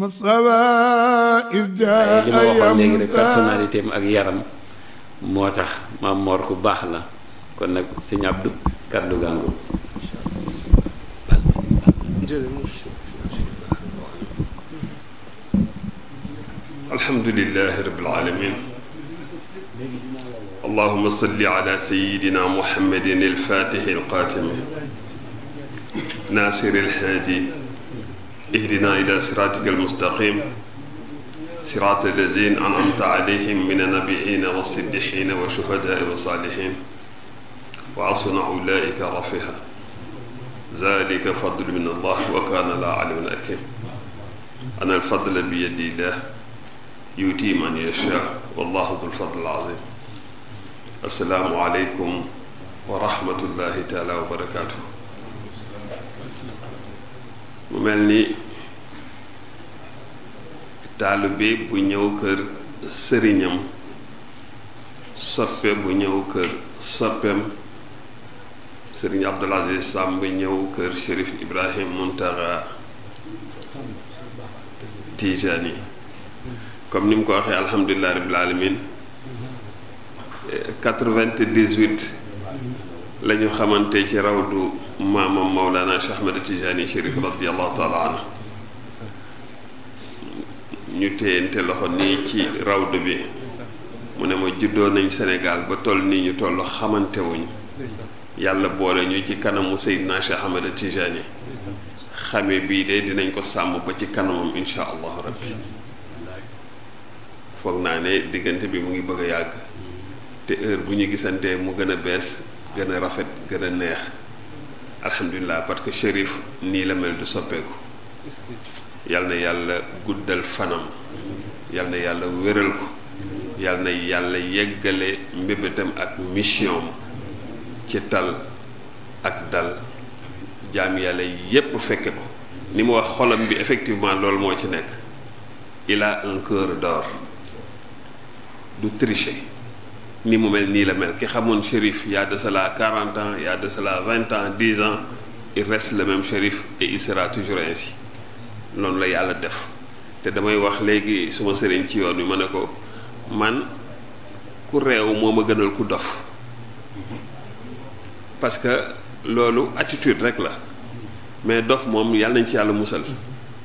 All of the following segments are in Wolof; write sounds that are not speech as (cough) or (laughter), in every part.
ma waxoon léegi rek ak yaram moo tax maam Mor ku baax la kon nag si Abdou kàddu gàngu alhamdulilahi rabbil alamin allahuma salli ala sayidina muhammadin alfatixi alxaatimi naasiri alxaadi ihdina ila siraatika almustaqim siraat allazina an'amta alayhim min annabiyina wa siddiqina wa shuhadaa wa saalihin wa asuna ulaika rafiha zalika fadlu min allah wa kaana laa aliman hakim ana alfadla bi yadi llah yuuti man yasha wallahu dul fadl azim assalaamu aleykum wa rahmatullahi taala wa barakaatuh mu mel ni bi bu ñëw kër sëriñam soppe bu ñëw kër soppem sëriñ Abdul Aziz Samb ñëw kër Chérif Ibrahim Muntaxa Tijaani comme ni mu ko waxee alhamdulilah rabbil alamin quatre vingt dix la ñu xamante ci rawdu maamam Mawlana Cheikh Ahmed Tidiane Chérif radiyallahu taala anhu ñu téyante loxo nii ci rawdu bi mu ne ma juddoo nañ senegaal ba toll nii ñu toll xamante wuñ yàlla boole ñu ci kanamu Seydina Cheikh Ahmed Tidiane xame bii de dinañ ko sàmm ba ci kanamam insha allahu rabbi foog naa ne diggante bi mu ngi bëgg a yàgg te heure bu ñu gisantee mu gën a bees gën a rafet gën a neex alhamdulilah parce que Chérif nii la mel du soppeeku yal na yàlla guddal fanam yal na yàlla wéral ko yal na yàlla yeggale mbébétam ak mission ci tal ak dal jaam yàlla yépp fekke ko ni mu wax xolam bi effectivement loolu moo ci nekk il a un cœur d'or du tricher ni mu mel nii la mel ki xamoon shérif y a de cela 40 ans y a de cela 20 ans 10 ans il reste le même shérif et il sera toujours ainsi noonu la yàlla def te damay wax léegi suma sëriñ ci yoon wi ma ne ko man ku réew moo ma gënal ku dof parce que loolu attitude rek la mais dof moom yàlla nañ ci yàlla musal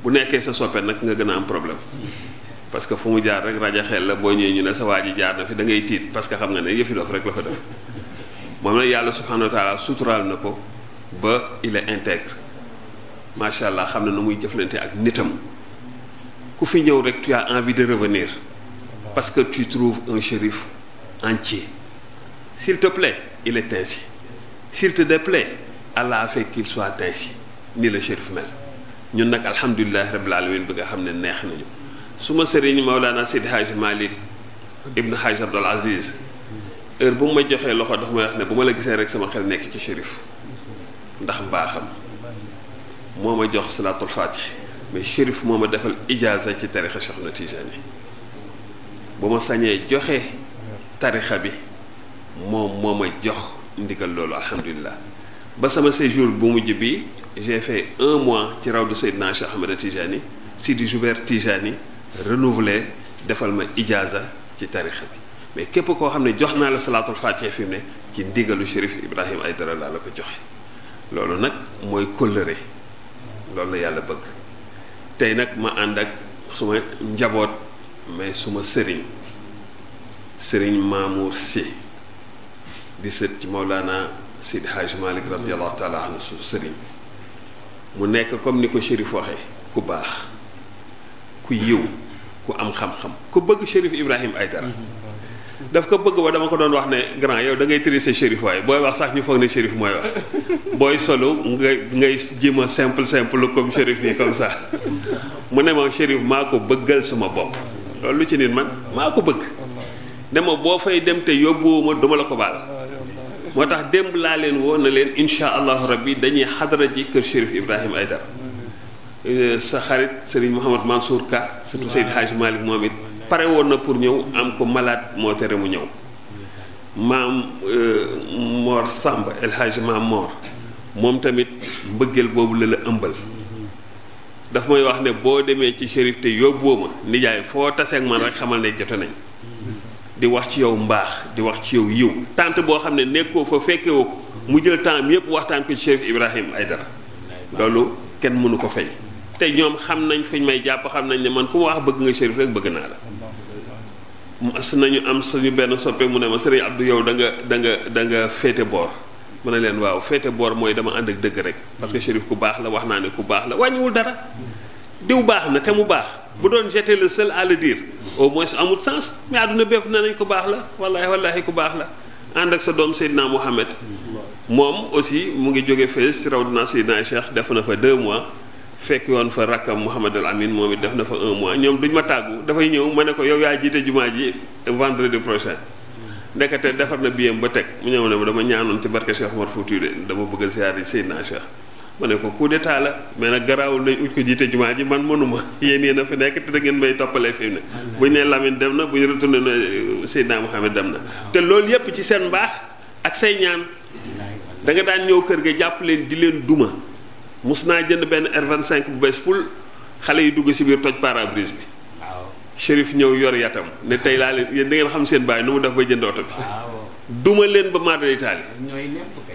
bu nekkee sa soppe nag nga gën a am problème parce que fu mu jaar rek raja xel la boo ñëwee ñu ne sa waa ji jaar na fi da tiit parce que xam nga ne yëfi dof rek la fa def moom nag yàlla subhanahu wa taala suturaal na ko ba il est intègre macha allah xam na nu muy jëflante ak nitam ku fi ñëw rek tu as envie de revenir parce que tu trouves un shérif entier s'il te plaît il est ainsi s'il te déplaît Allah a fait qu'il soit ainsi ni la shérif mel ñun nag alhamdulilah rabbil alamin bi nga xam ne neex nañu. su ma suma sëriñ Maulana Seydi Hadj Malick Ibn Hadj Abdul Aziz heure bu ma joxee loxo dafa ma wax ne bu ma la gisee rek sama xel nekk ci shérif ndax mbaaxam moo ma jox salaatul fatih mais shérif moo ma defal ijaaza ci tarixa Cheikh na Tijani bu ma sañee joxe tarixa bi moom moo ma jox ndigal loolu alhamdulillah ba sama séjour bu mujj bi j'ai fait un mois ci rawdu Seydina Cheikh Ahmed Tijani Sidi Joubert Tijani renouveler defal ma ijaaza ci tarixa bi mais képp koo xam ne jox naa la salaatul faatiha fi mu ne ci ndigalu shérif Ibrahima Aïdara laa la ko joxe loolu nag mooy kóllëre loolu la yàlla bëgg tey nag ma ànd ak suma njaboot mais suma sëriñ sëriñ Mamour Sy di sët ci Maulana Seydi Hadj Malick radiallahu taala su sëriñ mu nekk comme ni ko shérif waxee ku baax ku yiw ku am xam-xam ku bëgg Chérif Ibrahim Aïdara daf ko bëgg ba dama ko doon wax ne grand yow da ngay triser Chérif waaye booy wax sax ñu foog ne Chérif mooy wax booy solo nga ngay jéem a simple simple comme Chérif nii comme sax mu ne ma Chérif maa ko bëggal suma bopp loolu lu ci nit man maa ko bëgg ma boo fay dem te yóbbuwuma duma la ko baal moo tax démb laa leen woo na leen incha allahu rabbi dañuy xadara ji kër Chérif Ibrahim Aïdara Euh, sa xarit Serigne Mouhamad Mansour Ka surtout Seyd Hadj Malick moom it pare woon na pour ñëw am ko malaat moo tere mu ñëw maam euh, Mor Samb El Hadj maam Mor moom tamit mbëggeel boobu la la ëmbal dafa may wax ne boo demee ci shérif te yóbboo ma nijaay foo taseeg man rek xamal ne jote nañ di wax ci yow mbaax di wax ci yow yiw tant boo xam ne nekkoo fa fekkewoo ko mu jël temps yépp waxtaan ko ci shérif Ibrahim Aïdara loolu kenn mënu ko fay te ñoom xam nañ fi ñu may jàpp xam nañ ne man ku ma wax bëgg nga Chérif rek bëgg naa la mas nañu am suñu benn soppee mu ne ma sëriñ Abdou yow da nga da nga da féete boor mu ne leen waaw féete boor mooy dama ànd ak dëgg rek parce que Chérif ku baax la wax naa ne ku baax la wàññiwul dara diw baax na te mu baax bu doon j'étais le seul à le dire au moins amul sens mais àdduna bépp na nañ ku baax la wallaahi wallaahi ku baax la ànd ak sa doom Seydina Mohamed moom aussi mu ngi jóge fees ci raw dinaa Seydina Cheikh def na fa deux mois fekk woon fa rakkam Mouhamadul Amin moom it def na fa un mois ñoom duñ ma tàggu dafay ñëw ma ne ko yow yaa jiite jumaa ji vendredi prochain ndekete defar na biyam ba teg mu ñëw ne ma dama ñaanoon ci barke Cheikh Omar Foutiyou de dama bëgg a ziyaare Seydina Cheikh ma ne ko coup d'état la mais nag garaawul nañ ut ko jiite jumaa ji man mënuma (laughs) yéen yéen a fi nekk te da ngeen may toppalee fi mu ne buñ ne Lamine dem na buñ retourné na euh, Seydina Mouhamed dem na te loolu yépp ci seen mbaax ak say ñaan da ñëw kër ga jàpp di leen duma mus naa jënd benn R25 bu bees pul xale yi dugg si biir toj parabrise bi. waaw shérif ñëw yor yatam ne tey laa leen yéen da ngeen xam seen baay nu mu def ba jënd oto bi. duma leen ba maar day taali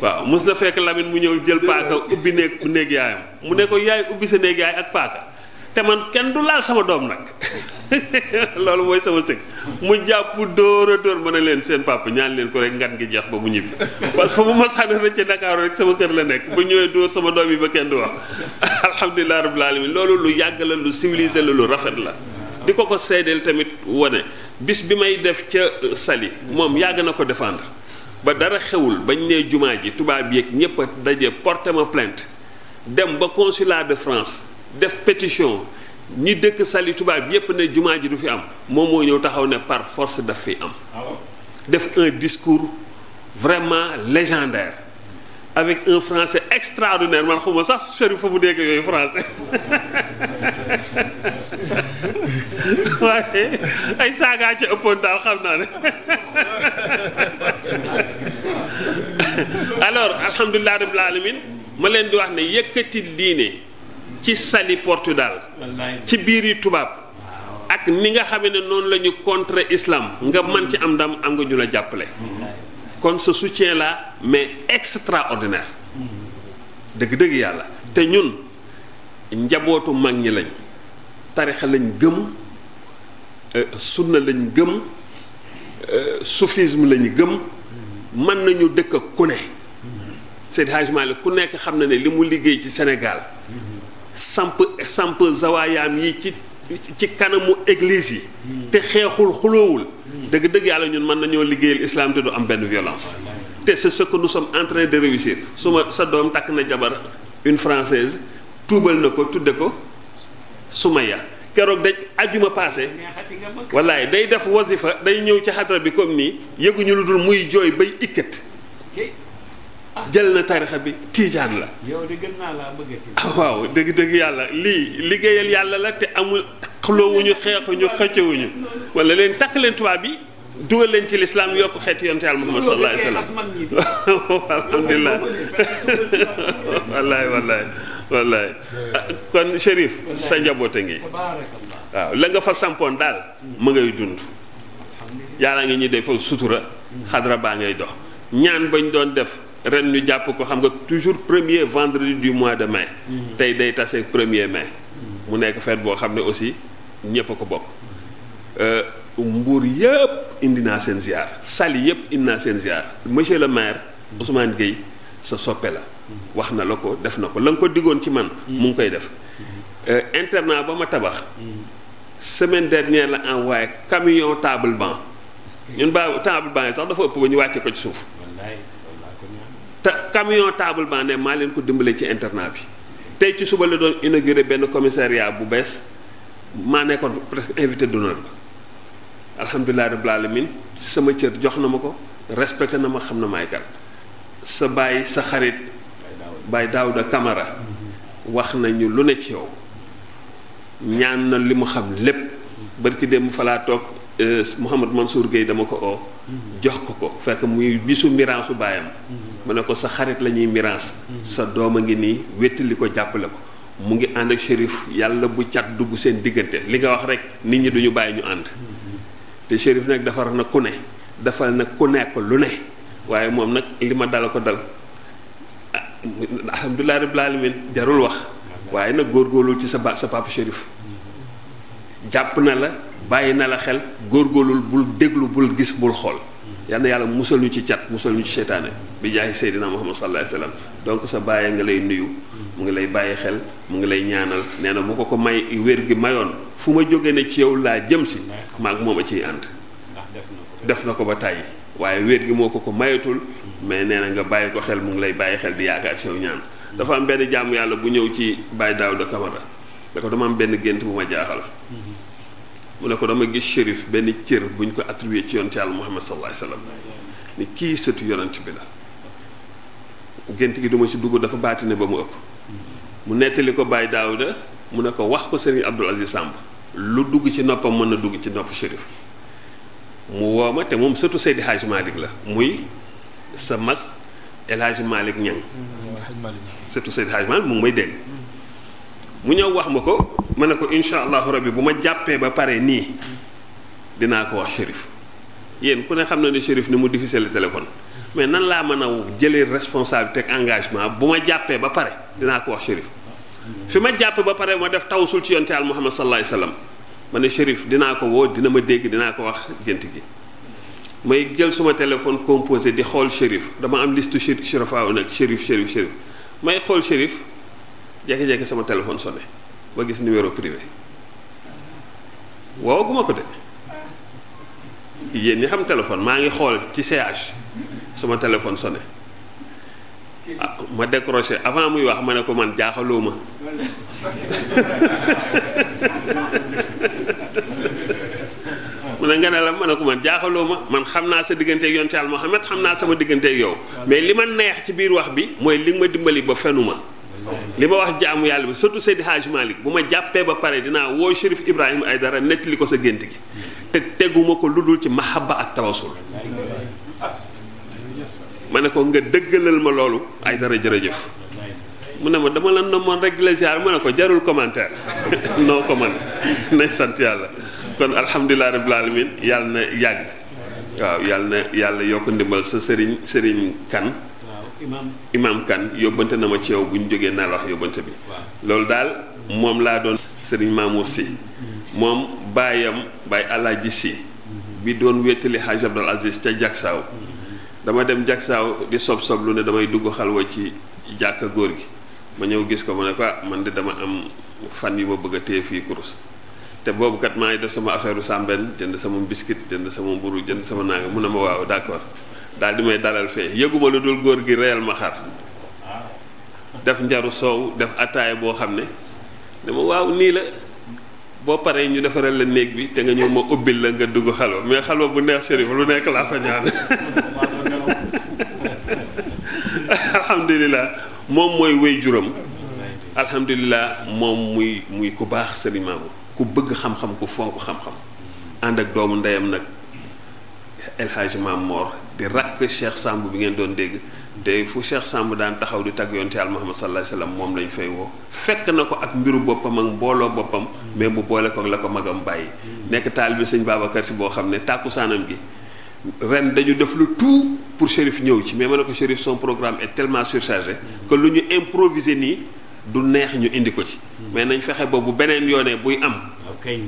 waaw mus na fekk Lamine mu ñëw jël paaka ubbi néeg néeg yaayam mu ne ko yaay ubbi sa néeg yaay ak paaka te man kenn du laal sama doom nag. (laughs) loolu mooy sama sëg mu jàpp dóor a dóor mën a leen seen papa ñaan leen ko rek ngan ngi jeex ba mu ñibbi parce que bu ma sànni rek ci Dakar rek sama kër la nekk bu ñëwee dóor sama doom yi ba kenn du wax (laughs) alhamdulilah rabbil alamin loolu lu yàgg la lu civilisé la lu rafet la di ko ko seedeel tamit wane bis bi may def ca euh, sali moom yàgg na ko défendre ba dara xewul bañ nee jumaa ji tubaab yeeg ñëpp a daje porté ma plainte dem ba consulat de France def pétition ñi dëkk sali tubaab yépp na jumaa ji du fi am moom moo ñëw taxaw ne par force daf fi am def un discours vraiment légendaire avec un français extraordinaire man xamuma sax sori fa mu dégg yooyu français (laughs) waaye ay saagaa ci ëppoon daal xam naa ne (laughs) alors alhamdulilah rabbil alamin ma leen di wax ne yëkkati diine ci sali Portugal ci biir yi tubaab ak ni nga xamee ne noonu la ñu contre islam nga mën ci am ndam am nga ñu la jàppale kon ce soutien là mais extraordinaire dëgg-dëgg yàlla te ñun njabootu mag ñi lañ tarixa lañ gëm euh, sunna lañ gëm euh, soufisme lañu gëm mën nañu dëkk ku ne mm-hmm. Seydi Hadji ku nekk xam na ne li mu liggéey ci senegal mm-hmm. samp samp zawaayaam yi ci ci kanamu église yi te xeexul xuloowul dëgg-dëgg yàlla ñun mën nañoo liggéeyal islam te du am benn violence te sa ce que nous de réussir su ma sa doom takk na jabar une francaise tuubal na ko tudde ko su ma Sumaya keroog daj ajuma passé wallaay day def wasifa day ñëw ci xadra bi comme nii yëguñu lu dul muy jooy bay ikkat jël na tarixa bi tiijaan la. yow de ah, waaw dëgg dëgg yàlla lii liggéeyal yàlla la te amul xulóowuñu xeexuñu xëccewuñu wala leen takk leen tubaab bi dugal leen ci lislaam yokk xeetu yonte yàlla Muhammad sallallahu wallaay wallaay wallaay kon Chérif sa njaboot a ngi waaw la nga fa sampoon daal ma ngay dund yàlla nga ñuy defal sutura xadra baa ngay dox ñaan bañ doon def ren ñu jàpp ko xam nga toujours premier vendredi du mois de mai. Mhm. tey day tase premier mai. Mhm. mu nekk fête boo xam ne aussi ñëpp a ko bokk. Euh, Mbour yëpp indi naa seen ziar Saly yëpp indi naa seen ziar monsieur le maire mhm. Ousmane Gueye sa soppe la. wax na la ko def na ko la ko diggoon ci man. mu ngi koy def. Euh, internat ba ma tabax. semaine dernière la envoyé camion table banc ñun ba table banc yi sax dafa ëpp ba ñu wàcce ko ci suuf. te camion table ban ne maa leen ko dimbalee ci internat bi tey ci suba la doon inauguré benn commissariat bu bees maa nekkoon presque invité d'honneur ba alhamdulilah rabbil alamin sama cër jox na ma ko respecté na ma xam na maay kan sa bàyyi sa xarit Baye Daouda kamara wax nañu lu ne ci yow ñaan na li mu xam lépp barki démb fa laa toog euh, Mouhamad Mansour Gueye dama ko oo jox ko ko fekk muy bisu miraasu baayam mu ne ko sa xarit la ñuy miraas mhm. sa doom a ngi nii wéttali ko jàppale ko mu ngi ànd ak shérif yàlla bu cat dugg seen diggante li nga wax rek nit ñi duñu bàyyi ñu ànd mhm. te shérif nag defar na ku ne defal na ku nekk lu ne waaye moom nag li ma dala ko dal ah, alhamdulilah rabbil alamin jarul wax waaye nag góor góorlul ci sa ba sa papa shérif mhm. jàpp na la bàyyi na la xel góorgóorlul bul déglu bul gis bul xool yal yàlla musal ñu ci cat musal ñu ci seytaane bi jaay jaayi seydina muhammad sallallahu alayhi wasallam donc sa bàyyee nga lay nuyu mu ngi lay bàyyi xel mu ngi lay ñaanal nee na bu ko ko may wér gi mayoon fu ma jóge ne ci yow laa jëm si maag moom a ciy ànd def na ko ba tàyyi waaye wér gi moo ko ko mayatul mais nee na nga bàyyi ko xel mu ngi lay bàyyi xel di yaakaar ci yow ñaan dafa am benn jàmm yàlla bu ñëw ci Baye Daouda Camara da ko dama am benn gént bu ma jaaxal mu ne ko dama gis shérif benn cër bu ñu ko attribué ci yonent yàlla Muhammad sallallahu alayhi wa sallam ni kii sëtu yonent bi la gént gi duma ci dugg dafa baati ne ba mu ëpp mu nettali ko Baye Daouda mu ne ko wax ko Serigne Abdoul Aziz Samb lu dugg ci noppam mën na dugg ci nopp shérif mu woo ma te moom sëtu Seydi Hadj Malick la muy sa mag El Hadj Malick Niang mm-hmm. sëtu Seydi Hadj Malick mu may dégg mm-hmm. mu ñëw wax ma ko ma ne ko incha allahu rabbi bu ma jàppee ba pare nii dinaa ko wax shérif yéen ku ne xam na ne shérif ni mu difficile téléphone mais nan laa mën a jëlee responsabilité ak engagement bu ma jàppee ba pare dinaa ko wax shérif fi ma jàpp ba pare ma def taw tawsul ci yonte al muhammad sallallahu alayhi wasallam ma ne shérif dinaa ko woo dina ma dégg dinaa ko wax gént gi may jël suma téléphone composé di xool shérif dama am liste shérif shérif nag may xool shérif jékki-jékki sama téléphone sonné ba gis numéro privé woowaguma ko de yéen ñi xam téléphone maa ngi xool ci CH sama téléphone sone ah ma décroché avant muy wax ma ne ko man jaaxaloo (laughs) ma mu ne nga la ma ne ko man jaaxaloo ma man xam naa sa digganteeg yonte Yàlla Muhammad xam naa sama digganteeg yow mais li ma neex ci biir wax bi mooy li ma dimbali ba fenu ma li ma wax jaamu yàlla bi surtout Seydi Hadj Malick bu ma jàppee ba pare dinaa woo ay dara Aïdara nettali ko sa gént gi te teguma ko lu dul ci mahabba ak tawasul ma ne ko nga dëggalal ma loolu ay Aïdara jërëjëf mu ne ma dama la namoon rek la ne ko jarul commentaire (laughs) non comment nañ sant yàlla kon alhamdulilah rabbil alamin yàlla na yàgg waaw yàlla na yàlla yokk ndimbal sa sëriñ sëriñ kan imaam kan yóbbante na ma ci yow bu ñu jógee naa la wax yóbbante bi loolu daal moom laa doon sëriñ Mamour si mm-hmm. moom baayam baay alaaji si mm-hmm. bi doon wéetali Hajj Abdul Aziz ca jagsaaw mm-hmm. dama dem jagsaaw di sob sob lu ne damay dugg xalwa ci jàkka góor gi ma ñëw gis ko ma ne ko ah, man de dama am fan yu ma bëgg a fii kurus te boobu kat maa ngi def sama affaire u sàmben jënd sama biscuit jënd sama mburu jënd sama nanga mun na ma waaw d'accord daal di may dalal fee yëguma lu dul góor gi reyal ma xar def njaru soow def ataaya boo xam ne dama waaw nii la boo paree ñu defaral la néeg bi te nga ñëw ma ubbil la nga dugg xalwa mais xalwa bu neex Chérif lu nekk laa fa ñaan (laughs) alhamdulilah moom mooy wéy juram alhamdulilah moom muy muy ku baax Sëriñ Maamu ku bëgg xam-xam ku fonk xam-xam ànd ak doomu ndeyam nag El Hadj Maam di rakk Cheikh Samb bi ngeen doon dégg te fu Cheikh Samb daan taxaw di tagg yonte Yàlla Muhammad sallallahu alayhi wasallam moom lañ fay woo fekk na ko ak mbiru boppam ak mbooloo boppam mais bu boole ko la ko magam bàyyi nekk taalibe sëñ Babacar Si boo xam ne saanam gi ren dañu def lu tout pour Chérif ñëw ci mais ma ne ko Chérif son programme est tellement surchargé que lu ñu improviser nii du neex ñu indi ko ci mais nañ fexe ba bu beneen yoonee buy am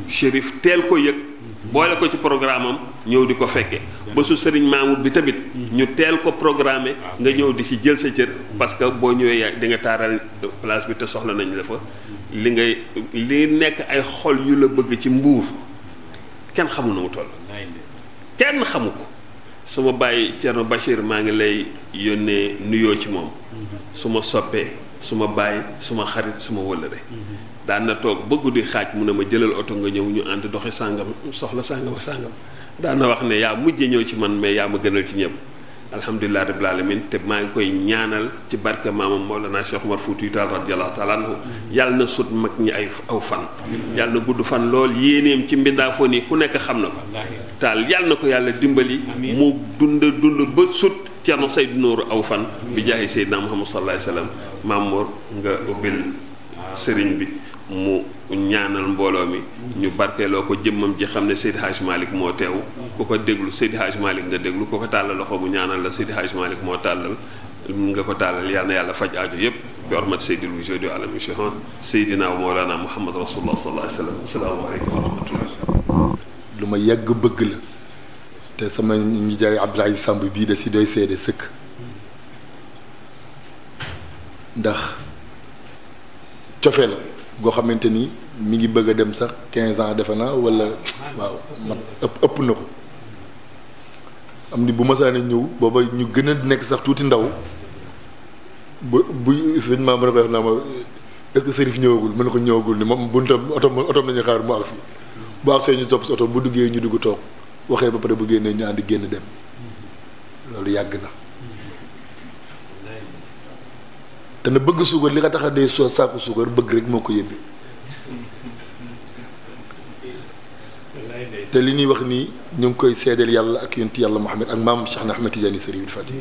Chérif teel ko yëg boole ko ci programme am ñëw di ko fekkee ba su sëriñ Mamour bi tamit mm-hmm. ñu teel ko programmé ah. nga ñëw di si jël sa cër parce que boo ñëwee yaay di nga taaral place bi te soxla nañu la fa mm-hmm. li ngay li nekk ay xol yu la bëgg ci mbuur kenn xamu na mu toll kenn xamu ko sama bàyyi Thierno Bachir maa ngi lay yónnee nuyoo ci moom mm-hmm. su ma soppee su ma bàyyi su ma xarit su ma wëllëre daan na toog ba di xaaj mu ne ma jëlal oto nga ñëw ñu ànd doxi sàngam soxla sàngam sàngam daana wax ne yaa mujje ñëw ci man mais yaa ma gënal ci ñëpp alhamdulilah rabbil alamin te maa ngi koy ñaanal ci barke maamam Mawlana Cheikh Omar Foutiyou Tall radiyallahu taala anhu yàlla na sut mag ñi ay aw fan yàlla na gudd fan lool yéeneem ci mbindaafoon yi ku nekk xam na ko taal yàlla na ko yàlla dimbali mu dund dund ba sut Ceerno Seydou Nourou aw fan bi jaahi Seydina Muhammad sallallahu alayhi wa sallam Maam nga ubbil sëriñ bi mu ñaanal mbooloo mi ñu barkeeloo ko jëmmam ji xam ne Seydi Hadj Malick moo teew ku ko déglu Seydi Hadj Malick nga déglu ku ko tàllal loxo mu ñaanal la Seydi Hadj Malick moo tàllal nga ko tàllal yal na yàlla faj aajo yépp bi hormat Seydil Wujuudi wa alamil shuhuud Seydina wa Mawlana Muhammad Rasulullah sallallahu alayhi wa sallam asalaamaaleykum wa rahmatullah lu ma yàgg bëgg la te sama ngi jaay Abdoul Aziz Samb bii da si doy seede sëkk ndax cofe la goo xamante ni mi ngi bëgg a dem sax quinze ans defe na wala waaw mat ëpp ëpp na ko am ni bu masaane ñëw booba ñu gën a nekk sax tuuti ndaw bu bu sëñ maa mën a ko wax naa ma est-ce ñëwagul mën na ko ñëwagul ni moom buntam otom otom nañu xaar mu agsi bu agsee ñu topp si otom bu duggee ñu dugg toog waxee ba pare bu génnee ñu ànd génn dem loolu yàgg na dana bëgg suukar li nga tax a dee soo saaku suukar bëgg rek moo ko yëbbi te li ñuy wax nii ñu ngi koy seedeel yàlla ak yonti yàlla Muhammad ak maam Cheikh na Ahmed Tidiane Serif Fatick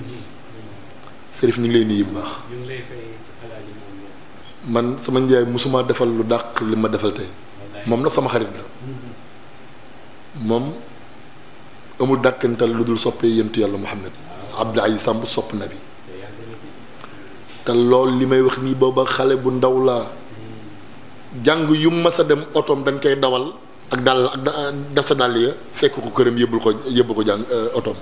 Serif ñu ngi lay nuyu bu baax man sama njaay mosuma defal lu dàq li ma defal tey moom nag sama xarit moom amul dàkkantal lu dul soppee yonti yàlla Muhammad Abdoulaye Samb sopp na bi te lool li may wax nii booba xale bu ndaw laa jàng yu mas a dem otoom dañ koy dawal ak dàll ak def sa dàll ya fekk ko këram yëbbul ko yëbbul ko jàng euh, otoom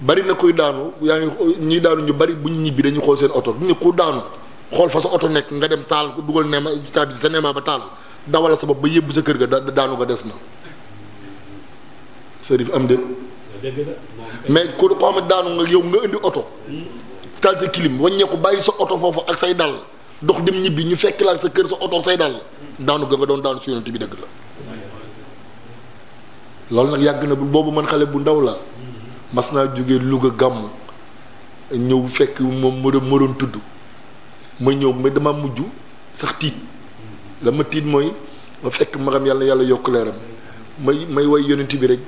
bari na kuy daanu yaa ngi ñuy daanu ñu bari bu ñu ñibbi dañu xool seen oto ñu ku daanu xool fa sa oto nekk nga dem taal dugal neema caabi sa neema ba taal dawal sa bopp ba yëbb sa kër ga da daanu nga des na sërif am de mais ku ko xam daanu nga yow nga indi oto hmm. taal sa kilim wàññeeku bàyyi sa oto foofu ak say dàll dox dem ñibbi ñu fekk la sa kër sa oto say dàll daanu ga nga doon daanu si yonent bi dëgg la loolu nag yàgg na boobu man xale bu ndaw la mas naa jóge Louga gàmm ñëw fekk moom ma doon tudd ma ñëw ma dama mujj sax tiit la ma tiit mooy ma fekk magam yàlla yàlla yokk leeram may may way yonent bi rek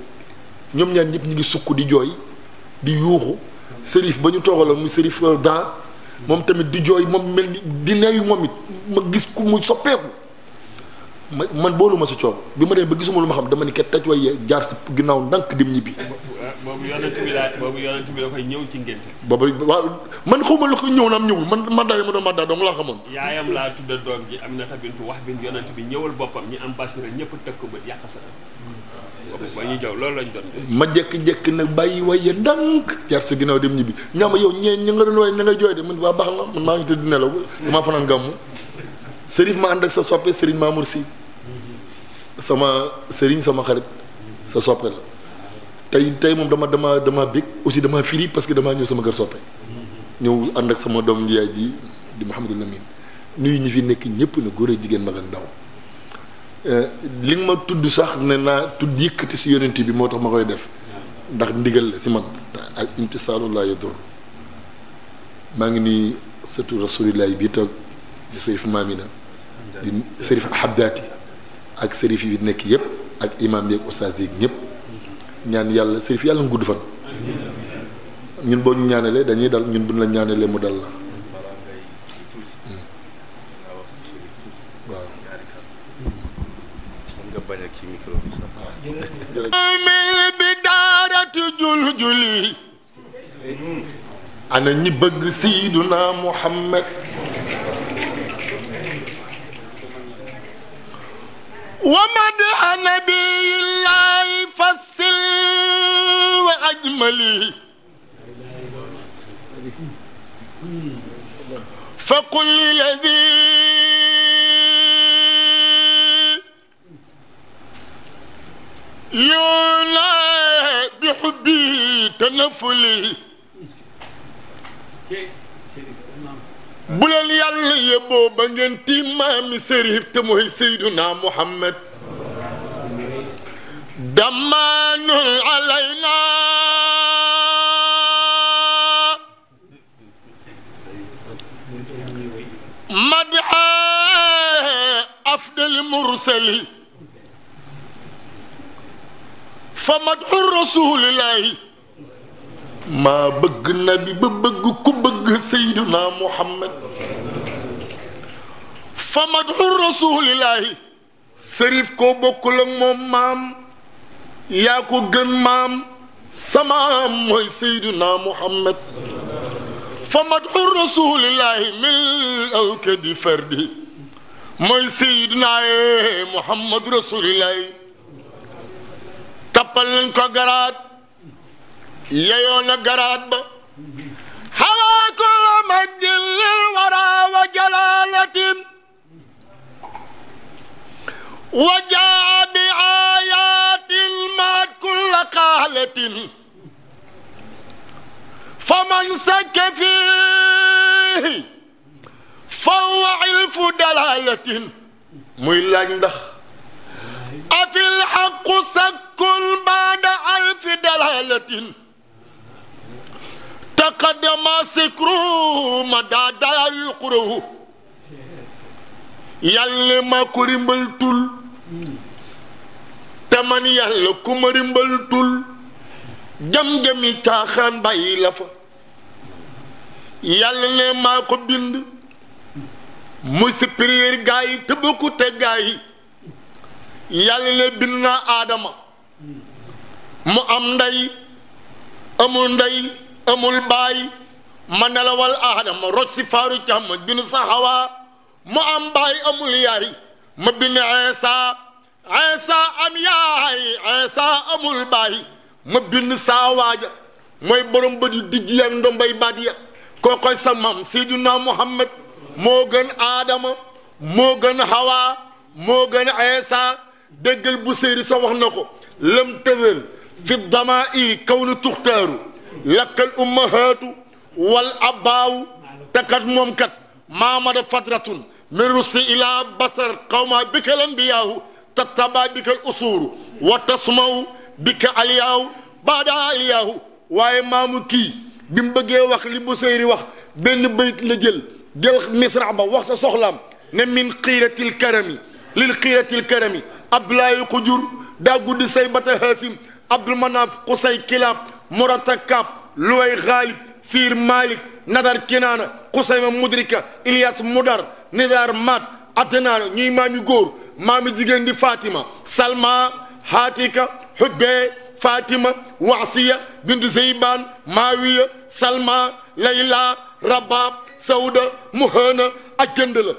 ñoom ñaan ñëpp ñu ngi sukk di jooy di yuuxu sërif ba ñu toogaloon muy sërif euh, daa moom tamit di jooy moom mel ni di neeyu moom it ma gis ku muy soppeeku ma man boolu ma si coow bi ma dem ba gisuma lu ma xam dama ni kat taj waaye jaar si ginnaaw ndànk dem ñibbi. boobu yonent bi la boobu ñëw ci ngénte. boobu waaw man xaw ma lu ñëw na am ñëwul man man daay ma doon man daa dong laa xamoon. yaayam laa tudda doom ji Aminata bintu Wahb bi yonent bi ñëwal boppam ñi am bâche ñëpp teg ko ba yàq sa loolu lañ doon ma jékki-jékki nag bàyyi way ya ndànk yar sa ginnaaw dem ñibbi ma yow ñee ñu nga doon way na nga jooy de man baa baax na man maa ngi tëdd nelaw damaa fanaan gàmmu sërif ma ànd ak sa soppe sëriñ Mamour Sy sama sëriñ sama xarit sa soppe tey tey moom dama dama dama bég aussi dama firi parce que damaa ñëw sama kër soppe ñëw ànd ak sama doom yaay ji di Mouhamadou Lamine nuyu ñi fi nekk ñëpp na góor a jigéen mag ak ndaw Euh, li nga ma tudd sax ne naa tudd yëkkati si yonent bi moo tax ma koy def ndax ndigal la si man ak imtisaalu laa yadur maa ngi nii sëtu rasulillahi bi toog di sërif maamina di sërif habdaati ak sërif yi nekk yëpp ak imaam yeeg ustaas yeeg ñëpp ñaan yàlla sërif yàlla nga gudd fan ñun boo ñu ñaanalee dañuy dal ñun bu buñ la ñaanalee mu dal la rek ci micro bi sax. mil bi daaratu jul juli ana ñi bëgg siiduna Muhammad wa madha nabiyillaahi fassil wa ajmali fa qul lilladi يولى بحبي تنفلي bu leen yàlla yeboo ba ngeen ti maami te mooy seyduna muhammad damaanul alayna madha afdal mursali fa madxu rasulillahi maa bëgg nabi ba bëgg ku bëgg sayduna muhammad fa madxu rasulillahi sërif koo bokkul ak moom maam yaa ko gën maam samaam mooy sayduna muhammad fa madxu rasulillahi mil awkadi fardi mooy sayduna muhammad rasulillahi tappal nañ ko garaat yeyoo na garaat ba xawaa ko la majjil lil waraa wa jalaalatin wa jaa bi ayatin maat kulla qaalatin fa man sakka fiihi fa wa ilfu dalaalatin muy laaj ndax afi lxaqu sakkun baada alfi dalalatin taqaddama sikruhu madaadaya yuqruhu yàlla ma ko rimbal te man yàlla ku ma rimbal tul jam-jami caaxaan bàyyi la fa yàlla ne maa ko bind mu supérieur gaa yi tëbëku te gaa yàlla ne bind naa aadama mu am ndey amul ndey amul baay ma nelawal aadama roj si faaru càmm bind sa xawaa mu am baay amul yaay ma bind Iisa am yaay Iisa amul baay ma bind mooy borom ba di dijj ak ndombay koo koy sa maam Seydina moo gën aadama moo gën xawaa moo gën Iisa déggal bu séeri sa wax na ko lam tëzal fi damairi kaw nu tuxtaaru lakkal ummahaatu wal abbaawu te kat moom kat maamada fatratun min russi ilaa basar xawma bi ka lambiyaahu tattabaa bi kal usuuru wa tasmaw bi ka aliyaahu baadaa aliyaahu waaye maamu kii bi mu bëggee wax li bu séeri wax benn bayt la jël jël misra ba wax sa soxlaam ne min xiiratil karami lil xiiratil karami abdoulaye xujur daa guddi say haasim abdul manaaf kilaab murata kaab luway fiir malik nadar kinaana xusayma mudrika ilias mudar nidar mat adnaan ñuy góor maami jigéen di fatima salma haatika hubbee fatima wasiya bintu zeybaan maawiya salma layla rabab sawda muhana ak jënd la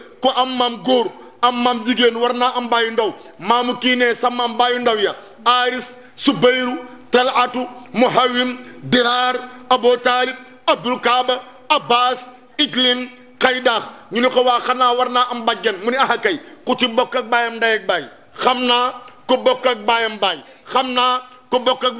góor am maam jigéen war naa am bàyyi ndaw maamu kii ne sa maam ndaw ya aaris subayru talatu muhawim diraar abou taalib abdul kaaba abbas ijlin xaydaax ñu ne ko waa xanaa war naa am bàjjan mu ne aha kay ku ci bokk ak bàyyam ndey xam naa ku bokk ak bàyyam bàyyi xam naa ku bokk ak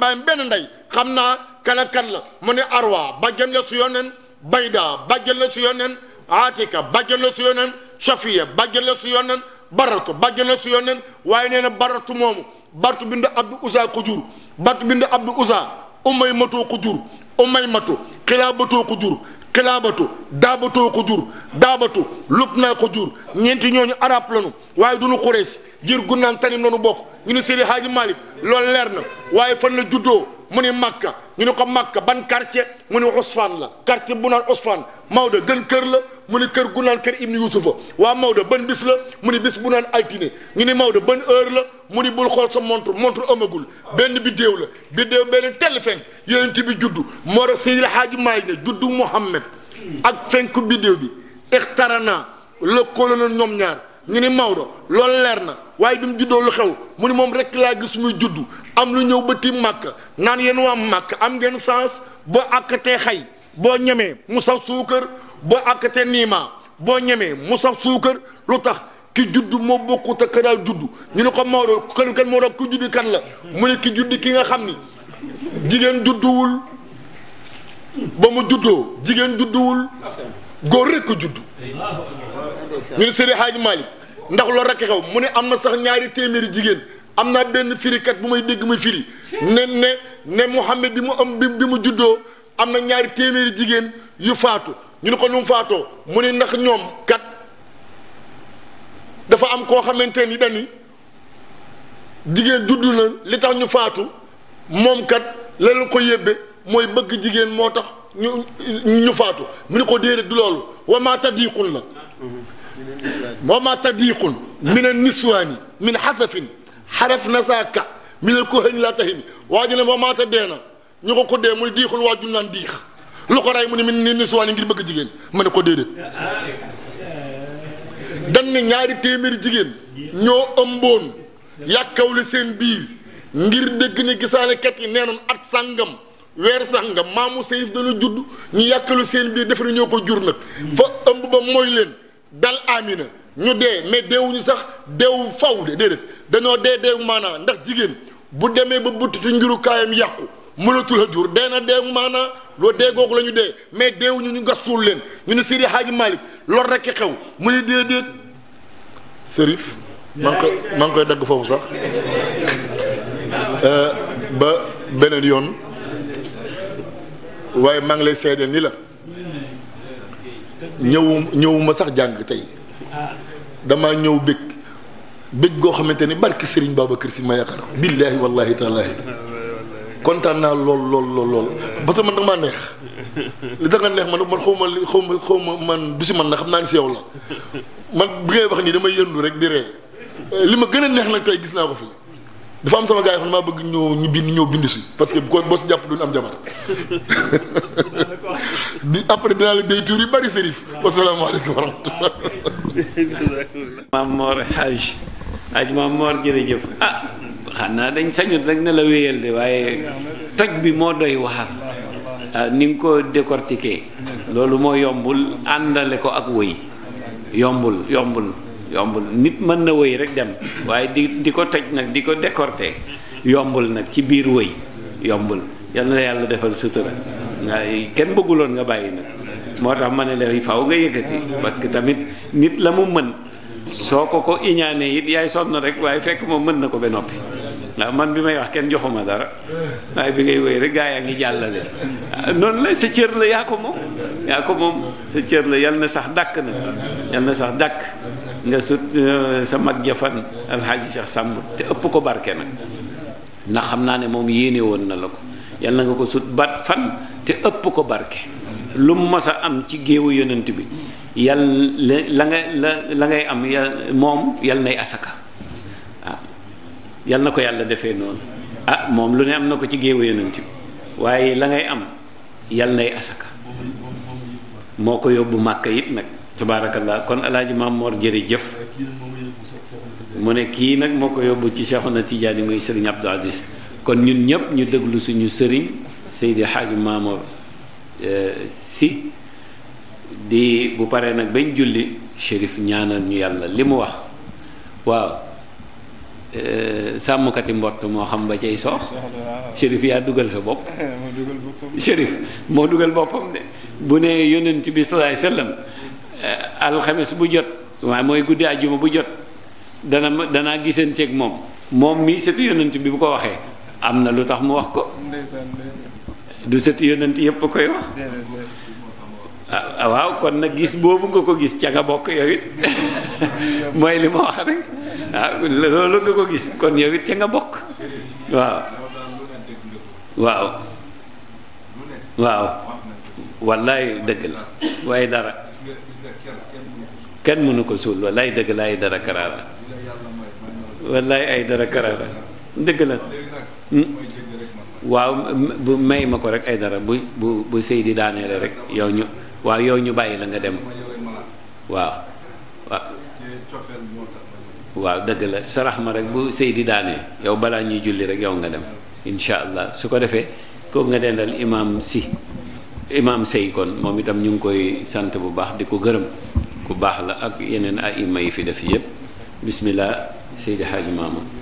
xam naa kan kan la mu ne arwa bàjjan la su yoneen bayda bàjjan la su yoneen atika bàjjan la su yoneen shafiya bàjjen la su yoneen baratu bàjjen la su yoneen waaye nee na baratu moomu bartu bind abdu usa ko jur bartu bind abdu usa umay matoo ko jur umay matu xilaabatoo ko jur xilaabatu daabatoo ko jur daabatu lup naa ko jur ñeenti ñooñu arab lanu waaye du ñu xurees jir gunnaan tanim lanu bokk ñu ne Seydi Haaji Malick loolu leer na waaye fan la juddoo mu ni Makka ñu ne ko Makka ban quartier mu ni Ousfane la quartier bu naan Ousfane Maodo gën kër la mu ni kër gu naan kër Ibn Yusufa waa Maodo ban bis la mu ni bis bu naan altine ñu ni Maodo ban heure la mu ni bul xool sa montre montre amagul benn biddéew la biddéew benn tell fenk yonent bi juddu moo si Seydil Hadji Maalik ne juddu Muhammad ak fenk biddéew bi ixtarana lëkkaloo na ñoom ñaar ñu ni Maodo loolu leer na waaye bi mu juddoo lu xew mu ni moom rek laa gis muy juddu am lu ñëw ba tiim màkk naan yéen waa màkk am ngeen sens boo àkkatee xay boo ñemee mu saf suukar boo àkkatee niima boo ñemee mu saf suukar lu tax ki juddu moo bokkut ak daal judd ñu ne ko Maodo kan kan Maodo ku judd kan la mu ne ki judd ki nga xam ni jigéen judduwul ba mu juddoo jigéen judduwul góor rekk juddu ñu ne Seydi Hadji Malick ndax loolu rek xew mu ne am na sax ñaari téeméeri jigéen am naa benn firikat bu may dégg mu firi ne ne ne Mouhamed bi mu am bi mu juddoo am na ñaari téeméeri jigéen yu faatu ñu ne ko nu mu faatoo mu ne ndax ñoom kat dafa am koo xamante ni dañi jigéen judd li tax ñu faatu moom kat leneen ko yébbe mooy bëgg jigéen moo tax ñu faatu mu ne ko déedéet du loolu wa maa tadiqul la mm-hmm. وما تضيق من النسوان من حذف xaraf nasaaka minal ko xëñ laa taxin waa ji ne moo maata dee na ñu ko ko dee muy diixul waa naan diix lu ko mu ne mi ni nisuwaani ngir bëgg jigéen ma ne ko déedéet dan ne ñaari téeméeri jigéen ñoo ëmboon yàkkawle seen biir ngir dégg ne gisaane kat yi nee nañ at sàngam weer sàngam maamu serif dana judd ñu yàkkalu seen biir defe ñoo ko jur nag fa ëmb ba mooy leen dal amina ñu dee mais deewuñu sax deewu faw de déedéet dañoo dee deewu maanaa ndax jigéen bu demee ba buttitu njuru kaayam yàqu mënatul a jur dee na deewu maanaa loo dee googu la ñu dee mais deewuñu ñu nga suul leen ñu ne Seydi Hadji Malick loolu rekk xew mu ni déedéet sërif maa ngi koy maa ngi koy dagg foofu sax euh, ba beneen yoon waaye maa ngi lay seedeel ni la ñëwu ñëwuma sax jàng tey damaa ñëw bég bég goo xamante ni barki Serigne Babacar Sy ma yaakaar billaahi wallaahi taalaahi kontaan naa lool lool lool ba parce que man danga maa neex li tax neex man man xaw ma li xaw ma xaw ma man du si man na xam naa ni si yow la man bi ngay wax nii damay yëndu rek di ree li ma gën a neex nag tey gis naa ko fi dafa am sama gars yi maa bëgg ñëw ñu bind ñëw bind si parce que boo boo si jàpp duñu am jabar (laughs) di après dinaa la day tuur yu bëri Serif. waaw wasalaamaaleykum wa (laughs) ah, dañ sañut rek ne la waaye toj bi moo doy waar ah, ni nga ko décortiquer loolu moo yombul àndale ko ak woy yombul yombul. yombul nit mën na wëy rek dem waaye di di ko toj nag di ko décorté yombul nag ci biir wéy yombul yal na yàlla defal sutura nga kenn bëgguloon nga bàyyi nag moo tax ma ne lay faw nga yëkkati parce que tamit nit la mu mën soo ko ko iñaanee it yaay sonn rek waaye fekk moom mën na ko ba noppi waaw man bi may wax kenn joxuma dara waaye bi ngay wéy rek gaa yaa ngi jàllale ah, noonu la sa cër la yaa ko moom yaa ko moom sa cër la yal na sax dàkk nag yal na sax dàkk nga sut euh, sa mag jafan alxaaji Cheikh Samb te ëpp ko barke nag ndax xam naa ne moom yéene woon na la ko yal na nga ko sut bat fan te ëpp ko barke lu mu mas a am ci géewu yonent bi yal la nga la la ngay am yal moom yal nay asaka ah yal na ko yàlla defee noonu ah moom lu ne am na ko ci géewu yonent bi waaye la ngay am yal nay asaka moo ko yóbbu màkka it nag tabaarakallah kon alaaji maam moor jërëjëf mu ne kii nag moo ko yóbbu ci Cheikhuna Tidiane muy sëriñ Abdou Aziz kon ñun ñëpp ñu déglu suñu sëriñ Seydi Xaaji Maamoor eh, si di bu paree nag bañ julli shérif ñaanal ñu yàlla li mu wax waaw eh, sàmmkati mbott moo xam ba cay soox shérif yaa dugal sa bopp shérif (laughs) moo dugal boppam de bu ne yonent bi sallallahu alayhi wasallam Eh, alxemes bu jot waaye mooy guddi àjjuma bu jot dana danaa gisanteeg moom moom mii sëtu yonent bi bu ko waxee am na lu tax mu wax ko du sëtu yonent yépp koy wax ah, waaw kon nag gis boobu nga ko gis ca nga bokk yow it (laughs) mooy li ma wax rek ah, loolu nga ko gis kon yow ca nga bokk waaw waaw waaw dëgg la waaye dara kenn mënu ko suul wallaay dëgg la ay dara karaara wallaay ay dara karaara dëgg la hmm? waaw bu may ma ko rek ay dara bu bu bu sëy di daaneele rek yow ñu waaw yow ñu bàyyi la nga dem waaw waaw dëgg la sarax ma rek bu sëy di daanee yow balaa ñuy julli rek yow nga dem incha allah su ko defee kook nga dendal imaam si imaam sëy kon moom itam ñu ngi koy sant bu baax di ko gërëm ku baax la ak yeneen ay ima yi fi def yépp bismillah Seydi Hadji Mamoun